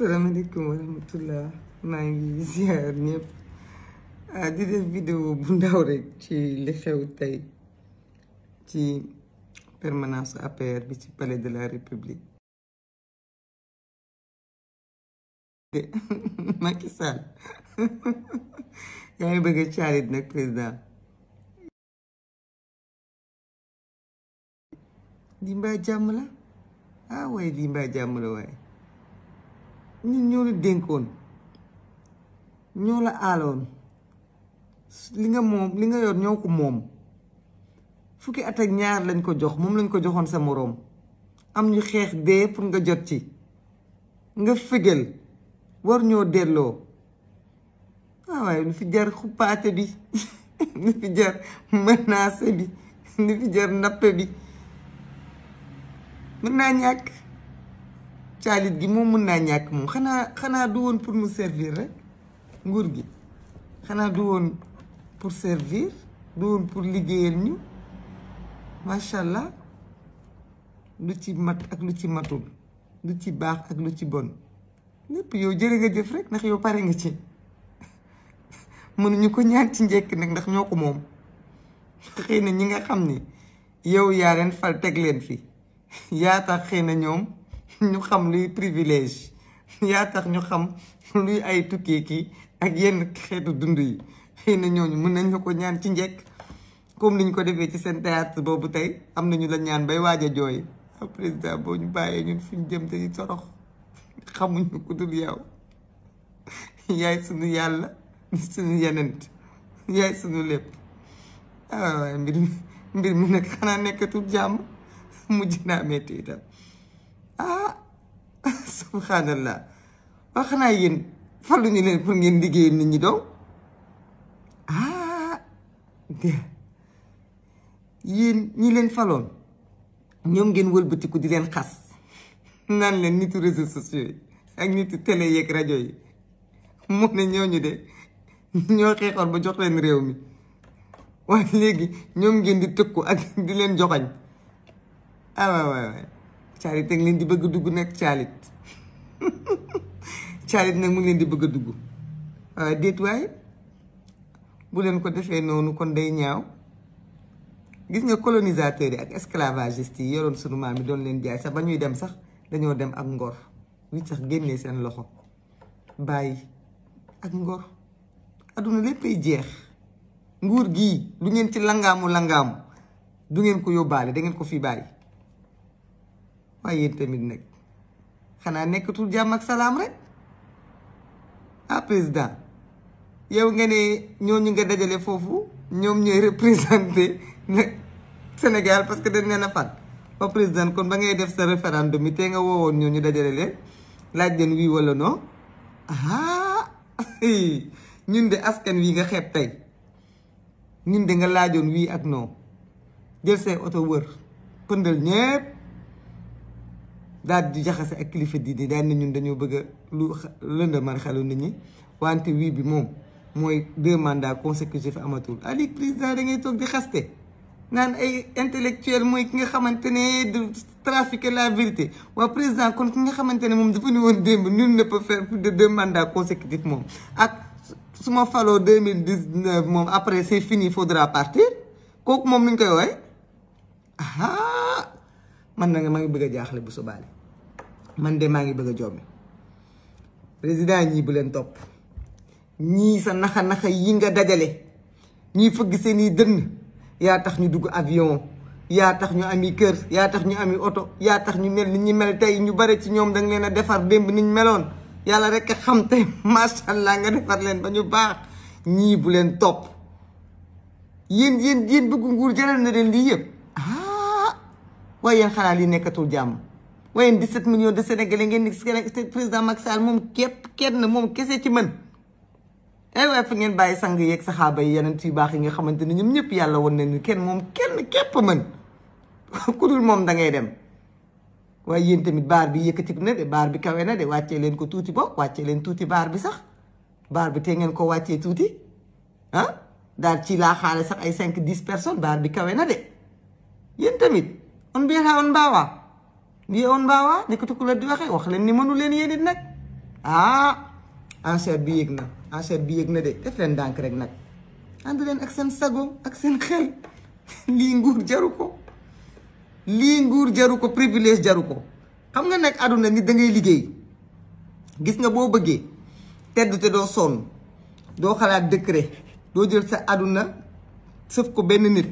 salaamaaleykum wa rahmatullah maa ngi ziar ñëpp ah, di def vidéo bu ci li xew ci permanence APR bi ci palais de la république Macky Sall yaa ngi bëgg a nag président lii mbaa la ah waaye lii mbaa la waaye ñun ñoo la dénkoon ñoo la aaloon li nga moom li nga yor ñoo ko moom fukki at ak ñaar lañ ko jox moom lañ ko joxoon sa moroom am ñu xeex dee pour nga jot ci nga fégal war ñoo delloo waaw ah waaye lu fi jar xuppaate bi lu fi jar menace bi lu fi jar nappe bi mën naa ñàkk caalit gi moom mun naa ñàkk moom xanaa xanaa du woon pour mu servir rek nguur gi xanaa du woon pour servir du woon pour liggéeyal ñu macha allah lu ci mat ak lu ci matul lu ci baax ak lu ci bon lépp yow jëre nga jëf rek ndax yow pare nga ci mënuñu ko ñaan ci njekk nag ndax ñoo ko moom xëy na ñi nga xam ni yow yaa leen fal teg leen fi yaa tax xëy na ñoom. ñu xam luy privilège yaa tax ñu xam luy ay tukkee kii ak yenn xeetu dund yi xëy na ñooñu mën nañ la ko ñaan ci njëkk comme niñ ko defee ci seen théâtre boobu tey am nañu la ñaan bay waaj a jooy ah, président boo ñu bàyyee ñun fi ñu jëm dañuy torox xamuñu ku dul yow yaay sunu yàlla sunu yeneent yaay sunu lépp waaw ah, mbir mbir mi nag xanaa nekkatul jàmm mujj naa metti itam subhanallah la xanaa yéen faluñu leen pour ngeen liggéey nit ñi doom ah de yéen ñi leen faloon ñoom ngeen wëlbatiku di leen xas naan leen nitu réseaux sociaux yi ak nitu télé yeeg rajo yi mu ne ñooñu de ñoo xeexoon ba jox leen réew mi waaye léegi ñoom ngeen di tëkku ak di leen joxañ ah waay waay caalit ak leen di bëgg dugg nekk caalit caalit nag mu ngi leen di bëgg a dugg waaye euh, déet bu leen ko defee noonu kon day ñaaw gis nga colonisateur yi ak esclavagistes yi yoroon sunu maam yi doon leen jaay sax ba ñuy dem sax dañoo dem ak ngor wi sax génnee seen loxo bàyyi ak ngor àdduna léppay jeex nguur gi lu ngeen ci langaamu langaamu du ngeen ko yóbbaale da ngeen ko fi bàyyi waaye yéen tamit nag xanaa nekkatul jàmm ak salaam rek ah président yow nga ne ñooñu nga dajale foofu ñoom ñooy représenté Sénégal parce que dañ leen a fat ba président kon ba ngay def sa référendum yi te nga woowoon ñooñu dajale leen laaj leen wii wala non ah ñun de askan wi nga xeeb tey ñun de nga laajoon wii ak non jël say oto wër pëndal ñépp daal di jaxase ak kilifa diine daal na ñun dañoo bëgg a lu lëndëmal xelu nit ñi wante wii bi moom mooy deux mandats consécutifs amatul. ali président da ngay toog di xaste naan ay intellectuel mooy ki nga xamante ne du trafiquer la vérité waa président kon ki nga xamante ne moom dafa nu woon démb ñun nëpp peut faire deux mandats consécutifs moom ak su ma faloo deux mille dix neuf moom après c'est fini faudra partir kooku moom nuñ koy wooye man na nga maa ngi bëgg a jaaxle bu sobaale man de maa ngi bëgg a jommi président ñii bu leen topp ñii sa naxa naxa yi nga dajale ñii fëgg seeni dënn yaa tax ñu dugg avion yaa tax ñu ami kër yaa tax ñu ami oto yaa tax ñu mel ni ñu mel tey ñu bare ci ñoom danga leen a defar démb niñ meloon yàlla rek a xam te macha allah nga defar leen ba ñu baax ñii bu leen topp yéen yéen yéen bëgg nguur jaral na leen lii yëpp waaye yéen xanaa lii nekkatul jàmm waaye 17 millions de sénégalais ngeen di gis président Macky Sall moom képp kenn moom kese ci mën ay waaye fa ngeen bàyyi sang yeeg saxaaba yi yeneen yu baax yi nga xamante ne ñoom ñëpp yàlla woon nañu kenn moom kenn képp mën ku dul moom da ngay dem waaye yéen tamit baar bi yëkkati na de baar bi kawe na de wàccee leen ko tuuti bokk wàccee leen tuuti baar bi sax baar bi te ngeen ko wàccee tuuti ah daal ci laa xaale sax ay cinq dix personnes baar bi kawe na de yéen tamit on biyataa on mbaawaa mbiya on mbaawaa ni ah, ko tukkuleer di waxee wax leen ni mënu leen yéen it nag ah enchère bi yëg na enchère bi yëg na de def leen ndànk rek nag ànd leen ak seen sago ak seen xel lii nguur jaru ko lii nguur jaru ko privilège jaru ko xam nga nekk àdduna nit da ngay liggéey gis nga boo bëggee tedd te doo sonn doo xalaat décret doo jël sa àdduna sëf ko benn nit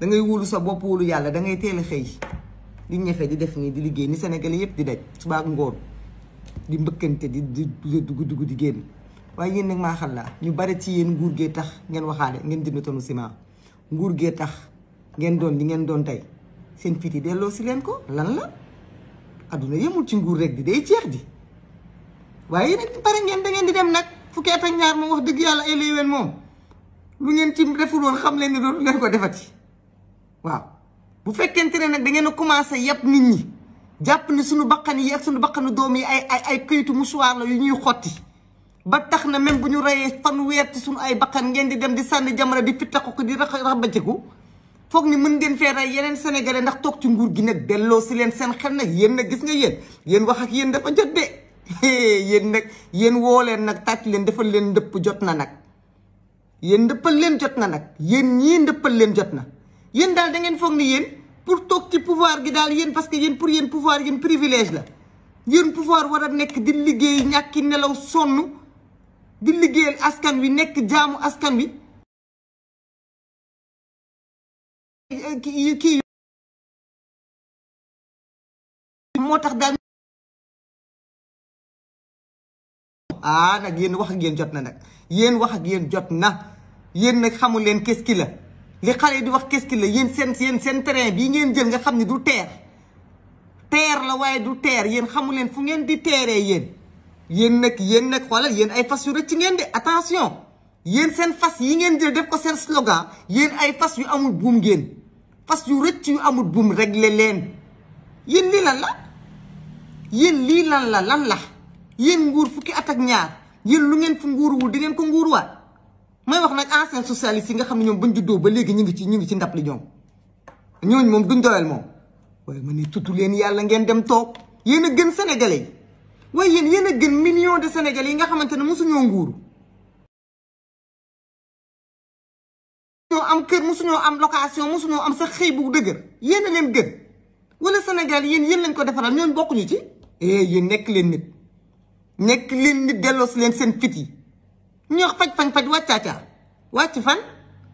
da ngay wóolu sa bopp wóolu yàlla da ngay teel a xëy di ñefe di def nii di liggéey ni Sénégalais yëpp di daj suba ak ngoon di mbëkkante di di dugg dugg di génn waaye yéen nag laa ñu bari ci yéen nguur gee tax ngeen waxaale ngeen jënd tonu nguur gee tax ngeen doon li ngeen doon tey seen fit yi delloo si leen ko lan la ci nguur rek di day jeex di waaye nag pare ngeen da dem nag fukki at ak ñaar moom wax dëgg yàlla ay léeween moom lu ngeen ci deful woon xam leen ni loolu leen ko defati waaw bu fekkente ne nag da ngeen a commencé yàpp nit ñi jàpp ne suñu bakkan yi ak suñu bakkanu doom yi ay ay kayitu këyitu mouchoir la yu ñuy xotti ba tax na même bu ñu reyee fan fanweer ci suñu ay bakkan ngeen di dem di sànni jamara di fittaku ko di rax rax bëccëgu foog ni mën ngeen fee rey yeneen sénégalais ndax toog ci nguur gi nag delloo si leen seen xel nag yéen nag gis nga yéen yéen wax ak yéen dafa jot de yéen nag yéen woo leen nag tàcc leen defal leen ndëpp jot na nag yéen ndëppal leen jot na nag yéen ñii ndëppal leen jot na yéen daal da ngeen foog ni yéen pour toog ci pouvoir gi daal yéen parce que yéen pour yéen pouvoir yéen privilège la yéen pouvoir war a nekk di liggéey ñàkki nelaw sonn di liggéeyal askan wi nekk jaamu askan wi kii moo tax daal ah yéen wax ak jot na nag yéen wax ak yéen jot na yéen nag xamu leen qu'est-ce li xale di wax qu'est-ce la yéen seen yéen seen terrain bii ngeen jël nga xam ne du teer teer la waaye du teer yéen xamu leen fu ngeen di teeree yéen yéen nag yéen nag xoolal yéen ay fas yu rëcc ngeen de attention yéen seen fas yi ngeen jël def ko seen slogan yéen ay fas yu amul buum ngeen fas yu rëcc yu amul buum réglé leen yéen lii lan la yéen lii lan la lan la yéen nguur fukki at ak ñaar yéen lu ngeen fu nguuruwul di ngeen ko nguuruwaat may wax nag ancien socialiste yi nga xam ne ñoom bañ juddoo ba léegi ñu ngi ci ñu ngi ci ndab li ñoom ñooñ moom duñ doyal moom waaye mu ne tudd leen yàlla ngeen dem toog yéen a gën sénégalais yi waaye yéen a gën million de sénégalais yi nga xamante ne mosuñoo nguuru ñoo am kër mosuñoo am location mosuñoo am sax xëy bu dëgër yéen a leen gën wala Sénégal yéen yéen lañ ko defaral ñooñu bokkuñu ci. eh yéen nekk leen nit nekk leen nit delloosi leen seen fit yi. ñu wax faj fañ faj wàccaaca wàcc fan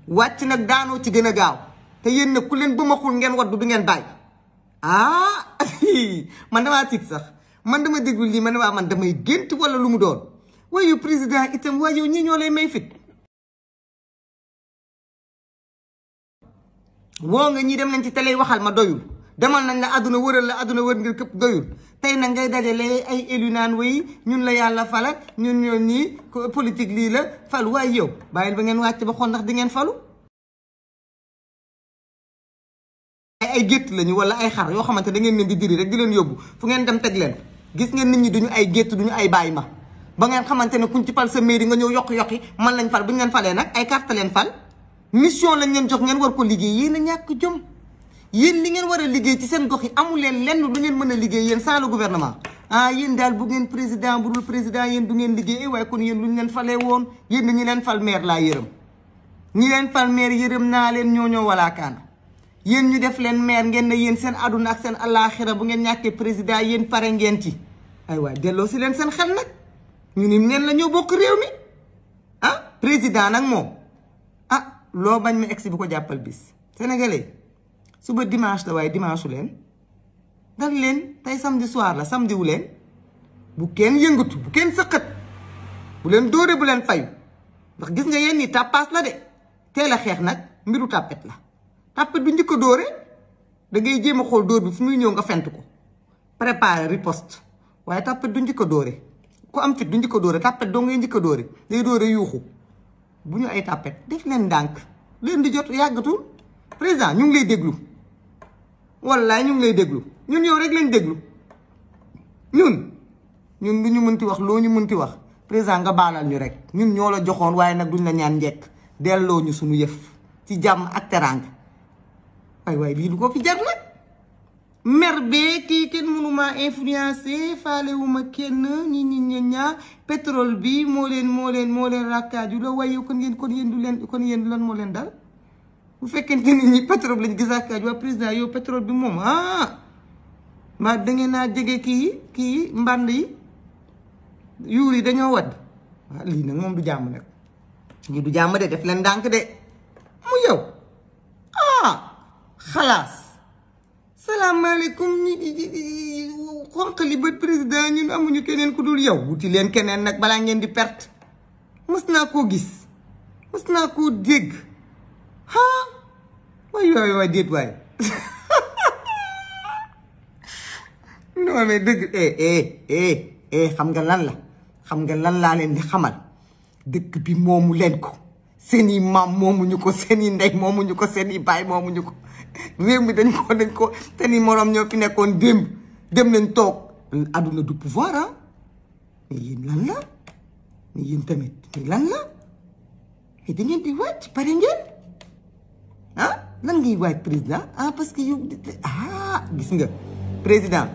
wàcc nag daanoo ci gën a gaaw te yéen nag ku leen ba ma xul ngeen waddu du ngeen bàyyi ah man damaa tiit sax man dama déglu lii man waa man damay gént wala lu mu doon waaye président itam waaye yow ñii ñoo lay may fit woo nga ñii dem nañ ci te télé waxal ma doyul demal nañ la àdduna wëral la àdduna wër ngir këpp doyul tey nag ngay dajale ay élu naan way ñun la yàlla falal ñun ñoo ñii politique lii la fal waaye yow bàyyil ba ngeen wàcc ba xool ndax di ngeen falu ay gétt lañu wala ay xar yoo xamante da ngeen leen di diri rek di leen yóbbu fu ngeen dem teg leen gis ngeen nit ñi duñu ay gétt duñu ay baay ma ba ngeen xamante ne kuñ ci fal sa mairie nga ñëw yokk-yokki man lañ fal bu ñu falee nag ay carte leen mission lañ leen jox ngeen war ko liggéey yéen a ñàkk yéen li ngeen war a liggéey ci seen gox yi amu leen lenn lu ngeen mën a liggéey yéen sans le gouvernement ah yéen daal bu ngeen président bu dul président yéen du ngeen liggéey waaye kon yéen lu ñu leen falee woon yéen ñi leen fal maire laa yërëm ñi leen fal maire yërëm naa leen ñoo ñoo walaakaan yéen ñu def leen maire ngeen ne yéen seen adduna ak seen alaaxira bu ngeen ñàkkee président yéen pare ngeen ci ay waay delloo si leen seen xel nag ñu ni ngeen la ñoo bokk réew mi ah président nag moom ah loo bañ ma egsi bu ko jàppal bis sénégalais suba dimanche la waaye dimanche leen dal leen tey samedi soir la samedi leen bu kenn yëngatu bu kenn sëqat bu leen dóore bu leen fayu ndax gis nga yenn yi tàppaas la de tey la xeex nag mbiru tàppet la tàppet du njëkk a da ngay jéem a xool dóor bi fu muy ñëw nga fent ko préparer riposte waaye tàppet du njëkk a dóore ku am fit du njëkk a dóore tàppet doo ngay njëkk a dóore day dóore yuuxu bu ñu ay tàppet def leen ndànk leen di jot yàggatu président ñu ngi lay déglu wallaay ñu ngi lay déglu ñun yow rek lañ déglu ñun ñun lu ñu mënti wax loo ñu mënti wax président nga baalal ñu rek ñun ñoo la joxoon waaye nag duñ la ñaan njekk delloo ñu suñu yëf ci jàmm ak teraanga waaye waaye lii du ko fi jar nag mer bee kii kenn mënuma influencé faalewuma kenn ñi ñi ñi ñaa pétrole bi moo leen moo leen moo leen rakkaaju la waaye kon yéen kon yéen du leen kon yéen lan moo leen dal bu fekkente nit ñi pétrole lañ gis ak waa président yow pétrole bi moom ah mbaa da naa jege kii kii yi mbànd yi yuur yi dañoo wadd waaw ah, lii nag moom du jàmm nag lii du jàmm de def leen ndànk de mu yow ah xalaas salaamaaleykum xonq li bët président ñun amuñu keneen ku dul yow wuti leen keneen nag balaa ngeen di perte mës naa koo gis mës naa koo dégg ah waay waay waay déet waay non mais dëgg eh eh xam nga lan la xam nga lan laa leen di xamal dëkk bi moomu leen ko seen maam moomuñu ko seeni i ndey moomuñu ko seen i baay moomuñu ko réew mi dañ ko dañ ko seen i moroom ñoo ki nekkoon démb dem nañ toog àdduna du pouvoir ah mais yéen lan la mais yéen tamit mais lan la di wàcc pare ngeen ah lan ngay waaj président ah parce que yow ah gis nga président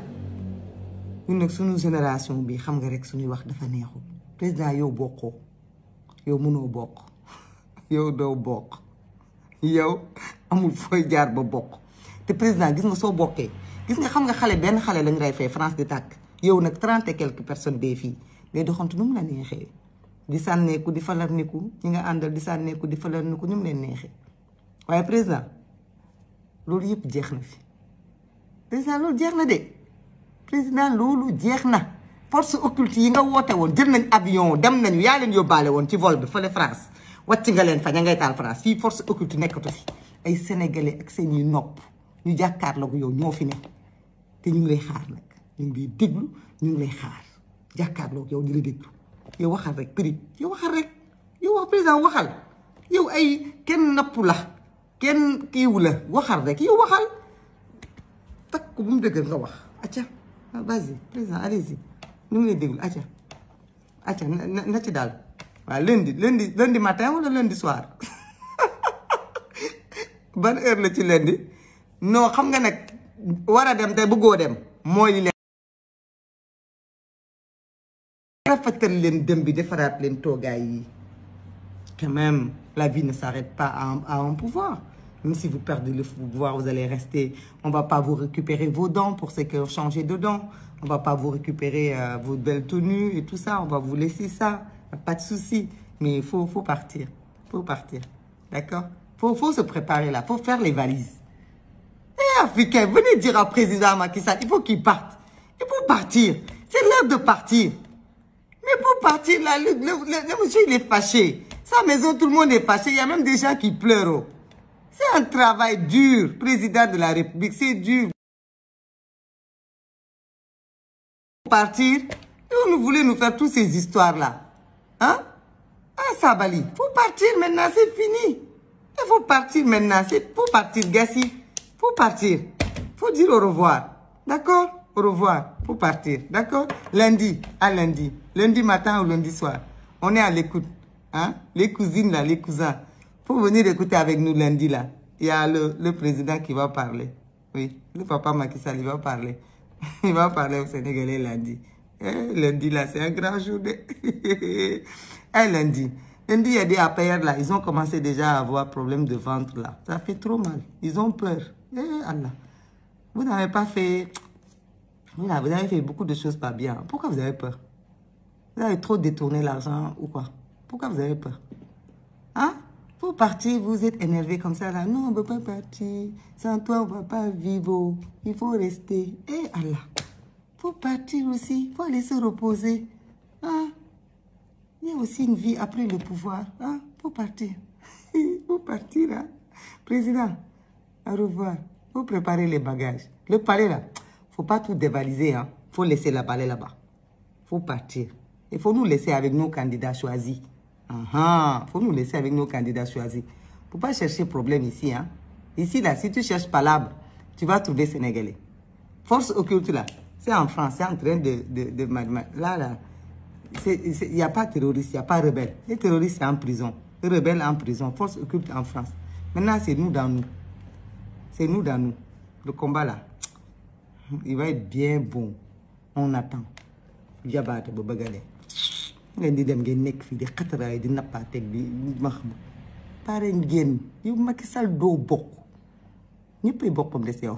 ñun nag suñu génération bi xam nga rek suñuy wax dafa neexul président yow bokkoo yow mënoo bokk yow doo bokk yow amul fooy jaar ba bokk te président gis nga soo bokkee gis nga xam nga xale benn xale lañ rey fee France di tàkk yow nag trente et quelques personnes dee fii ngay doxantu nu mu la neexee di sànneeku di falarniku ñi nga àndal di sànneeku di falarniku ñu mu leen neexee waaye président loolu yëpp jeex na fi président loolu jeex na de président loolu jeex na force occulte yi nga woote woon jël nañ avion dem nañu yaa leen yóbbaale woon ci vol bi fële France wàcc nga leen fa ña ngay taal France fii force occulte nekkatu fi ay sénégalais ak seeni nopp ñu jàkkaarloog yow ñoo fi ne te ñu ngi lay xaar nag ñu ngi lay déglu ñu ngi yow di la déglu yow waxal rek yow waxal rek yow wax président waxal yow ay kenn napp la. kenn kiiwu la waxal rek yow waxal takk bu mu dëgër nga wax acca vas-y président allez-y ñu ngi lay déglu acca acca na ci daal waaw lundi lundi lundi matin wala lundi soir ban heure la ci lundi non xam nga nag war a dem tey bëggoo dem mooy leen rafetal bi defaraat leen toogaay yi quand La vie ne s'arrête pas à un, à un, pouvoir. Même si vous perdez le pouvoir, vous allez rester. On ne va pas vous récupérer vos dents pour ceux qui ont changé de dents. On ne va pas vous récupérer euh, vos belles tenues et tout ça. On va vous laisser ça. Pas de souci. Mais il faut, faut partir. Il faut partir. D'accord Il faut, faut se préparer là. Il faut faire les valises. Eh, Africain, venez dire à président Macky Sall, il faut qu'il parte. Il faut partir. C'est l'heure de partir. Mais pour partir là, le, le, le, le monsieur, il est fâché. Sa maison, tout le monde est fâché. Il y a même des gens qui pleurent. Oh. Partir. Vous nous voulez faire toutes ces histoires-là. Hein? Ah, Sabali, faut partir maintenant, c'est fini. Il faut partir maintenant, c'est faut partir, Gassi. Faut dire au revoir. D'accord? Au revoir. Faut partir. D'accord? Lundi, à lundi. Lundi matin ou lundi soir. On est à l'écoute. Hein? Les cousines, la les cousins. Pour venir écouter avec nous lundi, là. Il a le, le président qui va parler. Oui, le papa Macky Sall, il va parler. Il va parler au lundi. Eh, lundi, là, c'est un grand jour. De... eh, lundi. Lundi, il y a des Ils ont commencé déjà avoir problème de vente la Ça fait trop mal. Ils ont peur. Eh, Allah. Vous n'avez pas fait... Vous avez fait beaucoup de choses pas bien. Pourquoi vous avez peur Vous avez trop détourné l'argent ou quoi Pourquoi vous n'avez peur Hein Vous partez, vous êtes énervé comme ça là. Non, on ne peut pas partir. Sans toi, on pas eh, partir aussi. Il faut reposer. Hein? Il y vie après le pouvoir. Il hein? faut partir. Il faut partir. Président, au revoir. Il faut préparer les bagages. Le palais, là, il ne faut pas tout dévaliser. Il faut laisser la palais là-bas. Il faut partir. Il faut nous laisser avec nos candidats choisis. Il uh -huh. faut nous laisser avec nos candidats choisis. Pour pas chercher problème ici. Hein. Ici, là, si tu cherches palabre, tu vas trouver Force occulte, là, c'est en France, c'est en train de... de, de, de là, n'y a pas terroriste, il n'y a pas rebelle. Les terroristes, en prison. Les rebelles, en prison. Force occulte en France. Maintenant, c'est nous dans nous. C'est nous dans nous. Le combat, là, il bien bon. On attend. Diabate, Bobagale. ngeen di dem ngeen nekk fii di xataraay di nappaateeg di ma pare ngeen yow Macky Sall doo bokk ñëppay boppam des yow